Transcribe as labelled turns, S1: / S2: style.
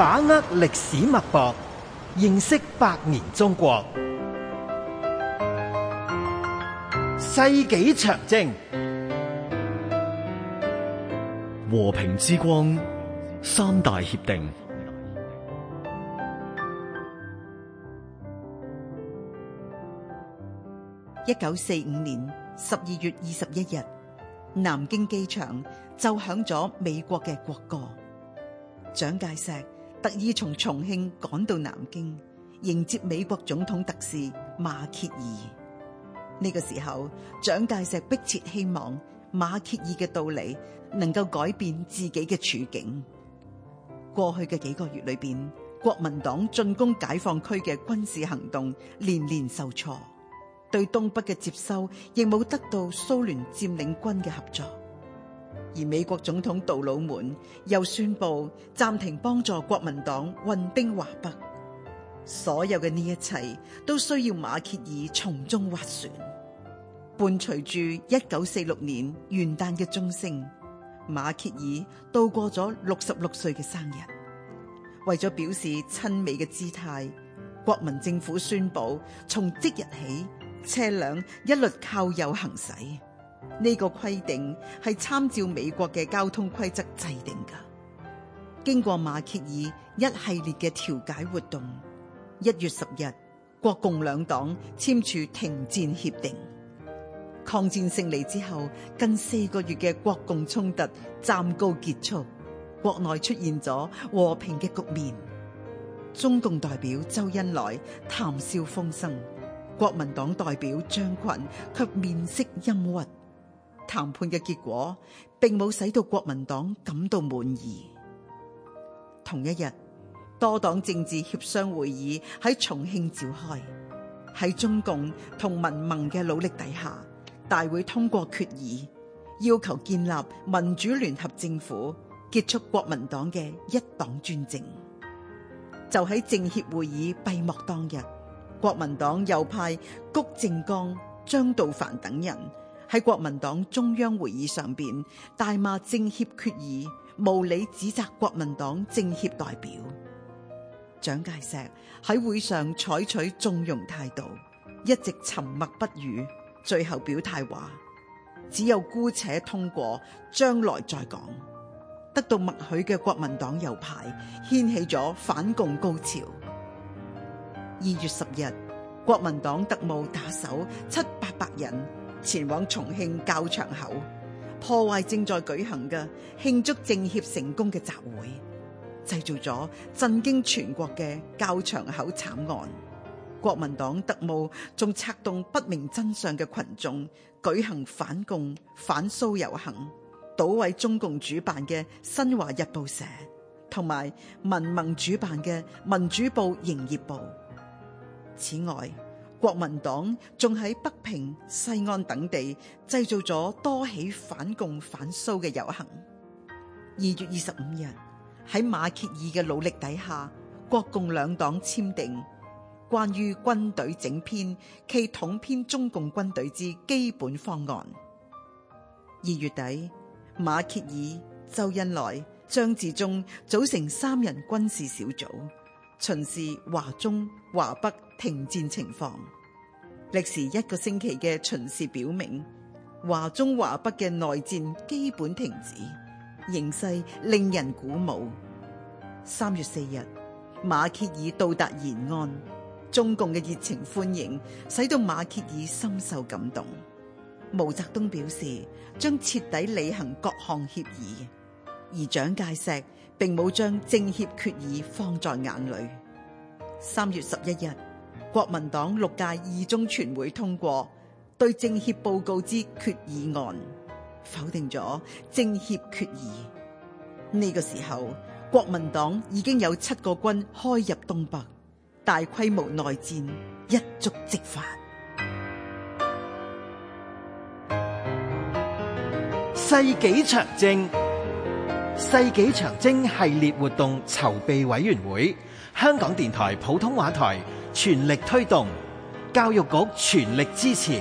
S1: 把握歷史脈搏，認識百年中國。世紀長征，和平之光，三大協定。一九四五年十二月二十一日，南京機場奏響咗美國嘅國歌，蔣介石，特意從重慶趕到南京迎接美國總統特使馬歇爾。呢個時候，蔣介石迫切希望馬歇爾嘅到嚟能夠改變自己嘅處境。過去嘅幾個月裏邊，國民黨進攻解放區嘅軍事行動連連受挫，對東北嘅接收亦冇得到蘇聯佔領軍嘅合作。而美國總統杜魯門又宣布暫停幫助國民黨運兵華北，所有嘅呢一切都需要馬歇爾從中斡旋。伴隨住一九四六年元旦嘅鐘聲，馬歇爾度過咗六十六歲嘅生日。為咗表示親美嘅姿態，國民政府宣布從即日起，車輛一律靠右行駛。呢個規定係參照美國嘅交通規則制定噶。經過馬歇爾一系列嘅調解活動，一月十日，國共兩黨簽署停戰協定。抗戰勝利之後，近四個月嘅國共衝突暫告結束，國內出現咗和平嘅局面。中共代表周恩來談笑風生，國民黨代表張群卻面色陰鬱。談判嘅結果並冇使到國民黨感到滿意。同一日，多黨政治協商會議喺重慶召開，喺中共同民盟嘅努力底下，大會通過決議，要求建立民主聯合政府，結束國民黨嘅一黨專政。就喺政協會議閉幕當日，國民黨右派谷正綱、張道藩等人，喺國民黨中央會議上邊大罵政協決議，無理指責國民黨政協代表。蔣介石喺會上採取縱容態度，一直沉默不語，最後表態話只有姑且通過，將來再講。得到默許嘅國民黨右派掀起咗反共高潮。二月十日，國民黨特務打手七八百人，前往重慶較場口破壞正在舉行嘅慶祝政協成功嘅集會，製造咗震驚全國嘅較場口慘案。國民黨特務仲策動不明真相嘅群眾舉行反共反蘇遊行，搗毀中共主辦嘅新華日報社同埋民盟主辦嘅民主報營業部。此外，國民黨仲喺北平、西安等地製造咗多起反共反蘇嘅遊行。二月二十五日喺馬歇爾嘅努力底下，國共兩黨簽訂關於軍隊整編其統編中共軍隊之基本方案。二月底，馬歇爾、周恩來、張治中組成三人軍事小組巡視華中華北。停戰情況歷時一個星期嘅巡視表明，華中、華北嘅內戰基本停止，形勢令人鼓舞。三月四日，馬歇爾到達延安，中共嘅熱情歡迎使到馬歇爾深受感動。毛澤東表示將徹底履行各項協議，而蔣介石並冇將政協決議放在眼裏。三月十一日。國民黨六屆二中全會通過對政協報告之決議案，否定咗政協決議。呢個時候，國民黨已經有七個軍開入東北，大規模內戰一觸即發。世紀長征、世紀長征系列活動籌備委員會，香港電台普通話台。全力推動，教育局全力支持。